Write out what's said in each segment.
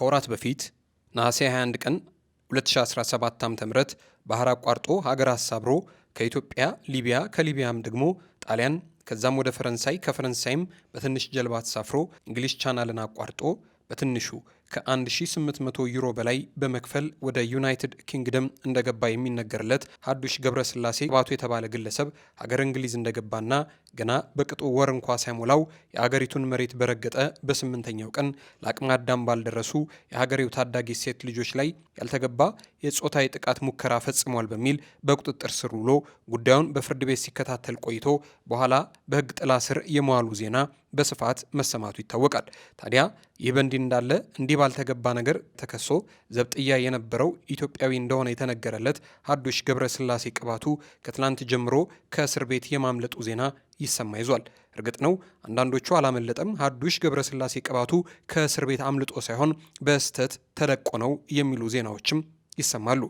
ከወራት በፊት ነሐሴ 21 ቀን 2017 ዓ.ም ባህር አቋርጦ ሀገር አሳብሮ ከኢትዮጵያ ሊቢያ፣ ከሊቢያም ደግሞ ጣሊያን፣ ከዛም ወደ ፈረንሳይ፣ ከፈረንሳይም በትንሽ ጀልባ ተሳፍሮ እንግሊዝ ቻናልን አቋርጦ በትንሹ ከ1800 ዩሮ በላይ በመክፈል ወደ ዩናይትድ ኪንግደም እንደገባ የሚነገርለት ሀዱሽ ገብረስላሴ ባቱ የተባለ ግለሰብ ሀገር እንግሊዝ እንደገባና ገና በቅጡ ወር እንኳ ሳይሞላው የአገሪቱን መሬት በረገጠ በስምንተኛው ቀን ለአቅመ አዳም ባልደረሱ የሀገሬው ታዳጊ ሴት ልጆች ላይ ያልተገባ የጾታዊ ጥቃት ሙከራ ፈጽሟል በሚል በቁጥጥር ስር ውሎ ጉዳዩን በፍርድ ቤት ሲከታተል ቆይቶ በኋላ በሕግ ጥላ ስር የመዋሉ ዜና በስፋት መሰማቱ ይታወቃል። ታዲያ ይህ በእንዲህ እንዳለ እንዲህ ባልተገባ ነገር ተከሶ ዘብጥያ የነበረው ኢትዮጵያዊ እንደሆነ የተነገረለት ሀዱሽ ገብረስላሴ ቅባቱ ከትናንት ጀምሮ ከእስር ቤት የማምለጡ ዜና ይሰማ ይዟል። እርግጥ ነው አንዳንዶቹ አላመለጠም። ሀዱሽ ገብረስላሴ ቅባቱ ከእስር ቤት አምልጦ ሳይሆን በስተት ተለቆ ነው የሚሉ ዜናዎችም ይሰማሉ።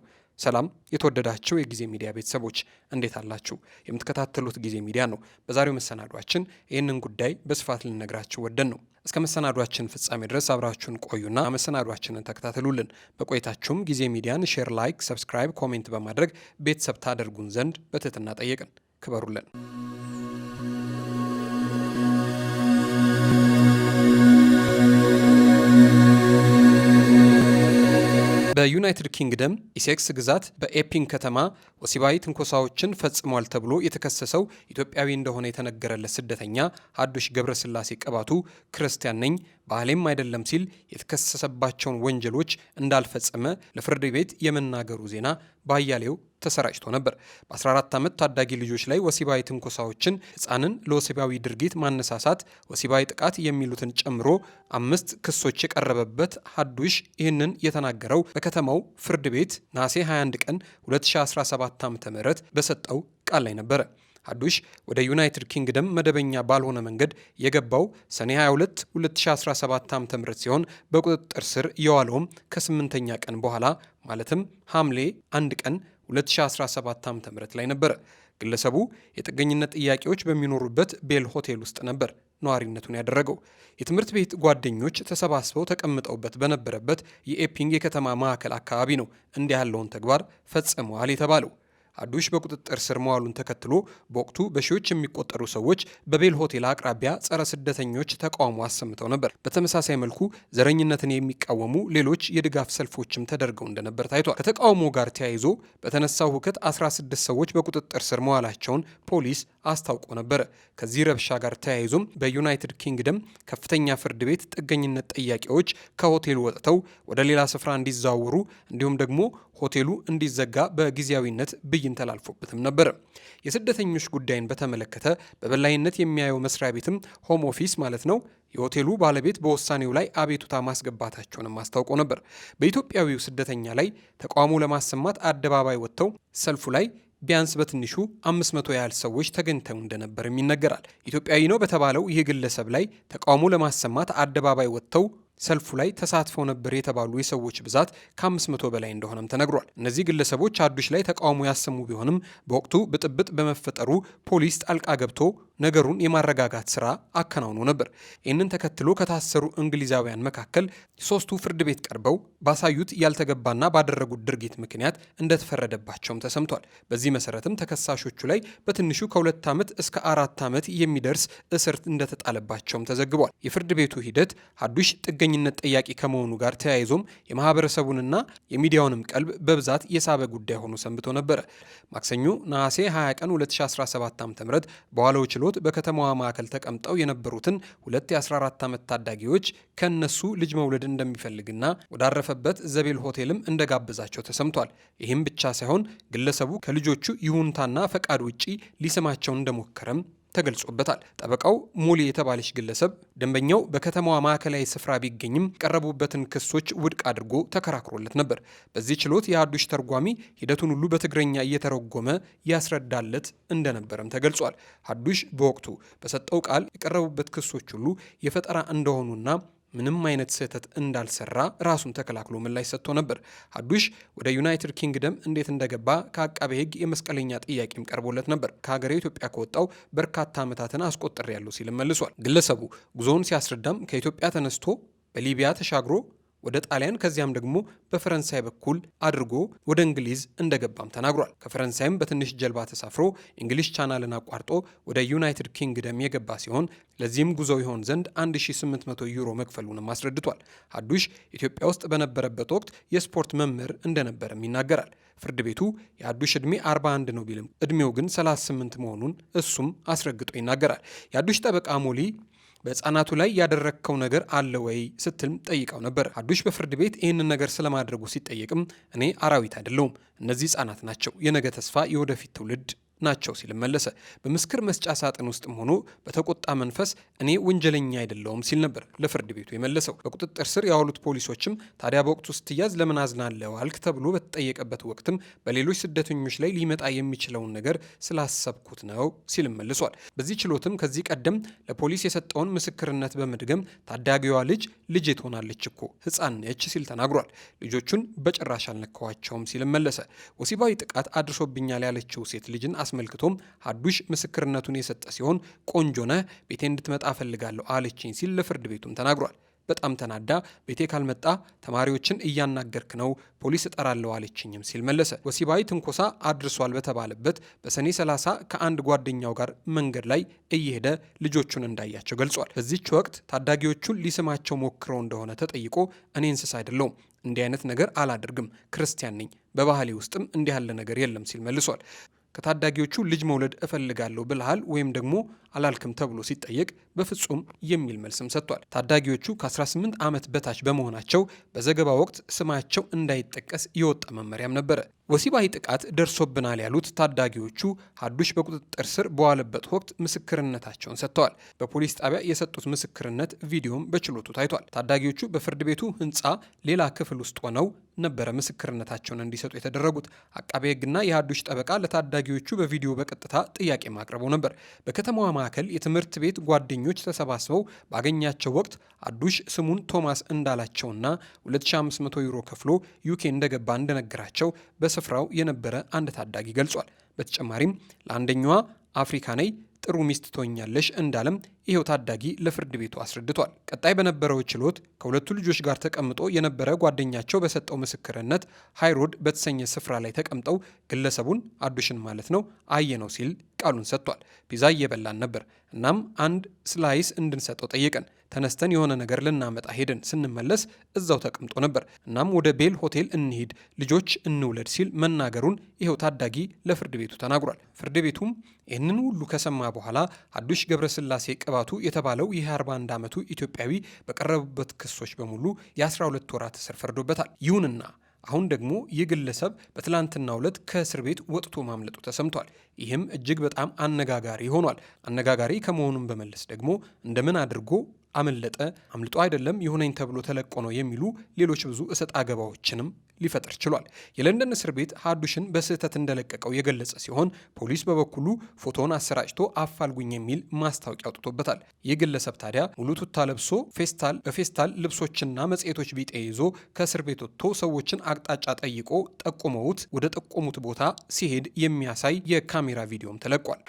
ሰላም የተወደዳቸው የጊዜ ሚዲያ ቤተሰቦች እንዴት አላችሁ? የምትከታተሉት ጊዜ ሚዲያ ነው። በዛሬው መሰናዷችን ይህንን ጉዳይ በስፋት ልንነግራችሁ ወደን ነው። እስከ መሰናዷችን ፍጻሜ ድረስ አብራችሁን ቆዩና መሰናዷችንን ተከታተሉልን። በቆይታችሁም ጊዜ ሚዲያን ሼር፣ ላይክ፣ ሰብስክራይብ፣ ኮሜንት በማድረግ ቤተሰብ ታደርጉን ዘንድ በትህትና ጠየቅን። ክበሩልን። በዩናይትድ ኪንግደም ኢሴክስ ግዛት በኤፒንግ ከተማ ወሲባዊ ትንኮሳዎችን ፈጽሟል ተብሎ የተከሰሰው ኢትዮጵያዊ እንደሆነ የተነገረለት ስደተኛ ሀዱሽ ገብረስላሴ ቅባቱ ክርስቲያን ነኝ ባህሌም አይደለም ሲል የተከሰሰባቸውን ወንጀሎች እንዳልፈጸመ ለፍርድ ቤት የመናገሩ ዜና ባያሌው ተሰራጭቶ ነበር። በ14 ዓመት ታዳጊ ልጆች ላይ ወሲባዊ ትንኮሳዎችን፣ ህፃንን ለወሲባዊ ድርጊት ማነሳሳት፣ ወሲባዊ ጥቃት የሚሉትን ጨምሮ አምስት ክሶች የቀረበበት ሀዱሽ ይህንን የተናገረው በከተማው ፍርድ ቤት ነሐሴ 21 ቀን 2017 ም በሰጠው ቃል ላይ ነበረ። ሀዱሽ ወደ ዩናይትድ ኪንግደም መደበኛ ባልሆነ መንገድ የገባው ሰኔ 22 2017 ም ሲሆን በቁጥጥር ስር የዋለውም ከስምንተኛ ቀን በኋላ ማለትም ሐምሌ 1 ቀን 2017 ዓ.ም ላይ ነበረ። ግለሰቡ የጥገኝነት ጥያቄዎች በሚኖሩበት ቤል ሆቴል ውስጥ ነበር ነዋሪነቱን ያደረገው። የትምህርት ቤት ጓደኞች ተሰባስበው ተቀምጠውበት በነበረበት የኤፒንግ የከተማ ማዕከል አካባቢ ነው እንዲህ ያለውን ተግባር ፈጽመዋል የተባለው። አዱሽ በቁጥጥር ስር መዋሉን ተከትሎ በወቅቱ በሺዎች የሚቆጠሩ ሰዎች በቤል ሆቴል አቅራቢያ ጸረ ስደተኞች ተቃውሞ አሰምተው ነበር። በተመሳሳይ መልኩ ዘረኝነትን የሚቃወሙ ሌሎች የድጋፍ ሰልፎችም ተደርገው እንደነበር ታይቷል። ከተቃውሞ ጋር ተያይዞ በተነሳው ሁከት 16 ሰዎች በቁጥጥር ስር መዋላቸውን ፖሊስ አስታውቆ ነበር። ከዚህ ረብሻ ጋር ተያይዞም በዩናይትድ ኪንግደም ከፍተኛ ፍርድ ቤት ጥገኝነት ጠያቂዎች ከሆቴሉ ወጥተው ወደ ሌላ ስፍራ እንዲዘዋወሩ እንዲሁም ደግሞ ሆቴሉ እንዲዘጋ በጊዜያዊነት ብይን ተላልፎበትም ነበር። የስደተኞች ጉዳይን በተመለከተ በበላይነት የሚያየው መስሪያ ቤትም ሆም ኦፊስ ማለት ነው የሆቴሉ ባለቤት በውሳኔው ላይ አቤቱታ ማስገባታቸውንም አስታውቆ ነበር። በኢትዮጵያዊው ስደተኛ ላይ ተቃውሞ ለማሰማት አደባባይ ወጥተው ሰልፉ ላይ ቢያንስ በትንሹ 500 ያህል ሰዎች ተገኝተው እንደነበርም ይነገራል። ኢትዮጵያዊ ነው በተባለው ይህ ግለሰብ ላይ ተቃውሞ ለማሰማት አደባባይ ወጥተው ሰልፉ ላይ ተሳትፈው ነበር የተባሉ የሰዎች ብዛት ከ500 በላይ እንደሆነም ተነግሯል። እነዚህ ግለሰቦች አዱሽ ላይ ተቃውሞ ያሰሙ ቢሆንም በወቅቱ ብጥብጥ በመፈጠሩ ፖሊስ ጣልቃ ገብቶ ነገሩን የማረጋጋት ስራ አከናውኖ ነበር። ይህንን ተከትሎ ከታሰሩ እንግሊዛውያን መካከል ሶስቱ ፍርድ ቤት ቀርበው ባሳዩት ያልተገባና ባደረጉት ድርጊት ምክንያት እንደተፈረደባቸውም ተሰምቷል። በዚህ መሰረትም ተከሳሾቹ ላይ በትንሹ ከሁለት ዓመት እስከ አራት ዓመት የሚደርስ እስር እንደተጣለባቸውም ተዘግቧል። የፍርድ ቤቱ ሂደት ሀዱሽ ጥገኝነት ጠያቂ ከመሆኑ ጋር ተያይዞም የማህበረሰቡንና የሚዲያውንም ቀልብ በብዛት የሳበ ጉዳይ ሆኖ ሰንብቶ ነበረ። ማክሰኞ ነሐሴ 20 ቀን 2017 ዓ ም በኋላው ችሎ አገልግሎት በከተማዋ ማዕከል ተቀምጠው የነበሩትን ሁለት የ14 ዓመት ታዳጊዎች ከእነሱ ልጅ መውለድ እንደሚፈልግና ወዳረፈበት ዘቤል ሆቴልም እንደጋበዛቸው ተሰምቷል። ይህም ብቻ ሳይሆን ግለሰቡ ከልጆቹ ይሁንታና ፈቃድ ውጪ ሊስማቸው እንደሞከረም ተገልጾበታል። ጠበቃው ሙሊ የተባለች ግለሰብ ደንበኛው በከተማዋ ማዕከላዊ ስፍራ ቢገኝም የቀረቡበትን ክሶች ውድቅ አድርጎ ተከራክሮለት ነበር። በዚህ ችሎት የአዱሽ ተርጓሚ ሂደቱን ሁሉ በትግረኛ እየተረጎመ ያስረዳለት እንደነበረም ተገልጿል። ሀዱሽ በወቅቱ በሰጠው ቃል የቀረቡበት ክሶች ሁሉ የፈጠራ እንደሆኑና ምንም አይነት ስህተት እንዳልሰራ ራሱን ተከላክሎ ምላሽ ሰጥቶ ነበር። ሀዱሽ ወደ ዩናይትድ ኪንግደም እንዴት እንደገባ ከአቃቤ ሕግ የመስቀለኛ ጥያቄም ቀርቦለት ነበር። ከሀገሬ ኢትዮጵያ ከወጣው በርካታ ዓመታትን አስቆጥሬያለሁ ሲልም መልሷል። ግለሰቡ ጉዞውን ሲያስረዳም ከኢትዮጵያ ተነስቶ በሊቢያ ተሻግሮ ወደ ጣሊያን ከዚያም ደግሞ በፈረንሳይ በኩል አድርጎ ወደ እንግሊዝ እንደገባም ተናግሯል። ከፈረንሳይም በትንሽ ጀልባ ተሳፍሮ እንግሊሽ ቻናልን አቋርጦ ወደ ዩናይትድ ኪንግደም የገባ ሲሆን ለዚህም ጉዞ ይሆን ዘንድ 1800 ዩሮ መክፈሉንም አስረድቷል። ሀዱሽ ኢትዮጵያ ውስጥ በነበረበት ወቅት የስፖርት መምህር እንደነበርም ይናገራል። ፍርድ ቤቱ የአዱሽ ዕድሜ 41 ነው ቢልም ዕድሜው ግን 38 መሆኑን እሱም አስረግጦ ይናገራል። የአዱሽ ጠበቃ ሞሊ በህፃናቱ ላይ ያደረግከው ነገር አለ ወይ ስትልም ጠይቀው ነበር። ሀዱሽ በፍርድ ቤት ይህንን ነገር ስለማድረጉ ሲጠየቅም እኔ አራዊት አይደለውም፣ እነዚህ ህጻናት ናቸው የነገ ተስፋ የወደፊት ትውልድ ናቸው ሲል መለሰ። በምስክር መስጫ ሳጥን ውስጥም ሆኖ በተቆጣ መንፈስ እኔ ወንጀለኛ አይደለውም ሲል ነበር ለፍርድ ቤቱ የመለሰው። በቁጥጥር ስር ያዋሉት ፖሊሶችም ታዲያ በወቅቱ ስትያዝ ለምን አዝናለው አልክ ተብሎ በተጠየቀበት ወቅትም በሌሎች ስደተኞች ላይ ሊመጣ የሚችለውን ነገር ስላሰብኩት ነው ሲል መልሷል። በዚህ ችሎትም ከዚህ ቀደም ለፖሊስ የሰጠውን ምስክርነት በመድገም ታዳጊዋ ልጅ ልጄ ትሆናለች እኮ ህፃን ነች ሲል ተናግሯል። ልጆቹን በጭራሽ አልነካዋቸውም ሲልም መለሰ። ወሲባዊ ጥቃት አድርሶብኛል ያለችው ሴት ልጅን አስመልክቶም ሀዱሽ ምስክርነቱን የሰጠ ሲሆን ቆንጆ ነህ፣ ቤቴ እንድትመጣ እፈልጋለሁ አለችኝ ሲል ለፍርድ ቤቱም ተናግሯል። በጣም ተናዳ ቤቴ ካልመጣ ተማሪዎችን እያናገርክ ነው ፖሊስ እጠራለሁ አለችኝም ሲል መለሰ። ወሲባዊ ትንኮሳ አድርሷል በተባለበት በሰኔ 30 ከአንድ ጓደኛው ጋር መንገድ ላይ እየሄደ ልጆቹን እንዳያቸው ገልጿል። በዚች ወቅት ታዳጊዎቹን ሊስማቸው ሞክረው እንደሆነ ተጠይቆ እኔ እንስሳ አይደለውም እንዲህ አይነት ነገር አላደርግም፣ ክርስቲያን ነኝ፣ በባህሌ ውስጥም እንዲህ ያለ ነገር የለም ሲል መልሷል። ከታዳጊዎቹ ልጅ መውለድ እፈልጋለሁ ብልሃል ወይም ደግሞ አላልክም ተብሎ ሲጠየቅ በፍጹም የሚል መልስም ሰጥቷል። ታዳጊዎቹ ከ18 ዓመት በታች በመሆናቸው በዘገባ ወቅት ስማቸው እንዳይጠቀስ የወጣ መመሪያም ነበረ። ወሲባዊ ጥቃት ደርሶብናል ያሉት ታዳጊዎቹ ሀዱሽ በቁጥጥር ስር በዋለበት ወቅት ምስክርነታቸውን ሰጥተዋል። በፖሊስ ጣቢያ የሰጡት ምስክርነት ቪዲዮም በችሎቱ ታይቷል። ታዳጊዎቹ በፍርድ ቤቱ ሕንፃ ሌላ ክፍል ውስጥ ሆነው ነበረ ምስክርነታቸውን እንዲሰጡ የተደረጉት። አቃቤ ህግና የሀዱሽ ጠበቃ ለታዳጊዎቹ በቪዲዮ በቀጥታ ጥያቄ ማቅረቡ ነበር። በከተማዋ ማዕከል የትምህርት ቤት ጓደኞች ተሰባስበው ባገኛቸው ወቅት አዱሽ ስሙን ቶማስ እንዳላቸውና 2500 ዩሮ ከፍሎ ዩኬ እንደገባ እንደነገራቸው በስፍራው የነበረ አንድ ታዳጊ ገልጿል። በተጨማሪም ለአንደኛዋ አፍሪካ ነይ ጥሩ ሚስት ትሆኛለሽ እንዳለም ይኸው ታዳጊ ለፍርድ ቤቱ አስረድቷል። ቀጣይ በነበረው ችሎት ከሁለቱ ልጆች ጋር ተቀምጦ የነበረ ጓደኛቸው በሰጠው ምስክርነት ሃይሮድ በተሰኘ ስፍራ ላይ ተቀምጠው ግለሰቡን አዱሽን ማለት ነው አየ ነው ሲል ቃሉን ሰጥቷል። ፒዛ እየበላን ነበር። እናም አንድ ስላይስ እንድንሰጠው ጠየቀን። ተነስተን የሆነ ነገር ልናመጣ ሄደን ስንመለስ እዛው ተቀምጦ ነበር። እናም ወደ ቤል ሆቴል እንሂድ፣ ልጆች እንውለድ ሲል መናገሩን ይኸው ታዳጊ ለፍርድ ቤቱ ተናግሯል። ፍርድ ቤቱም ይህንን ሁሉ ከሰማ በኋላ ሀዱሽ ገብረስላሴ ቅባቱ የተባለው የ41 ዓመቱ ኢትዮጵያዊ በቀረቡበት ክሶች በሙሉ የ12 ወራት እስር ፈርዶበታል። ይሁንና አሁን ደግሞ ይህ ግለሰብ በትላንትናው ዕለት ከእስር ቤት ወጥቶ ማምለጡ ተሰምቷል። ይህም እጅግ በጣም አነጋጋሪ ሆኗል። አነጋጋሪ ከመሆኑም በመለስ ደግሞ እንደምን አድርጎ አመለጠ አምልጦ አይደለም ይሁነኝ ተብሎ ተለቆ ነው የሚሉ ሌሎች ብዙ እሰጥ አገባዎችንም ሊፈጥር ችሏል። የለንደን እስር ቤት ሀዱሽን በስህተት እንደለቀቀው የገለጸ ሲሆን ፖሊስ በበኩሉ ፎቶውን አሰራጭቶ አፋልጉኝ የሚል ማስታወቂያ አውጥቶበታል። ይህ ግለሰብ ታዲያ ሙሉ ቱታ ለብሶ ፌስታል በፌስታል ልብሶችና መጽሔቶች ቢጤ ይዞ ከእስር ቤት ወጥቶ ሰዎችን አቅጣጫ ጠይቆ ጠቁመውት ወደ ጠቆሙት ቦታ ሲሄድ የሚያሳይ የካሜራ ቪዲዮም ተለቋል።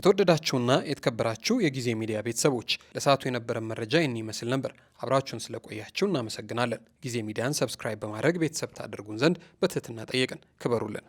የተወደዳችሁና የተከበራችሁ የጊዜ ሚዲያ ቤተሰቦች ለሰዓቱ የነበረን መረጃ ይህን ይመስል ነበር። አብራችሁን ስለቆያችሁ እናመሰግናለን። ጊዜ ሚዲያን ሰብስክራይብ በማድረግ ቤተሰብ ታደርጉን ዘንድ በትህትና ጠየቅን። ክበሩልን።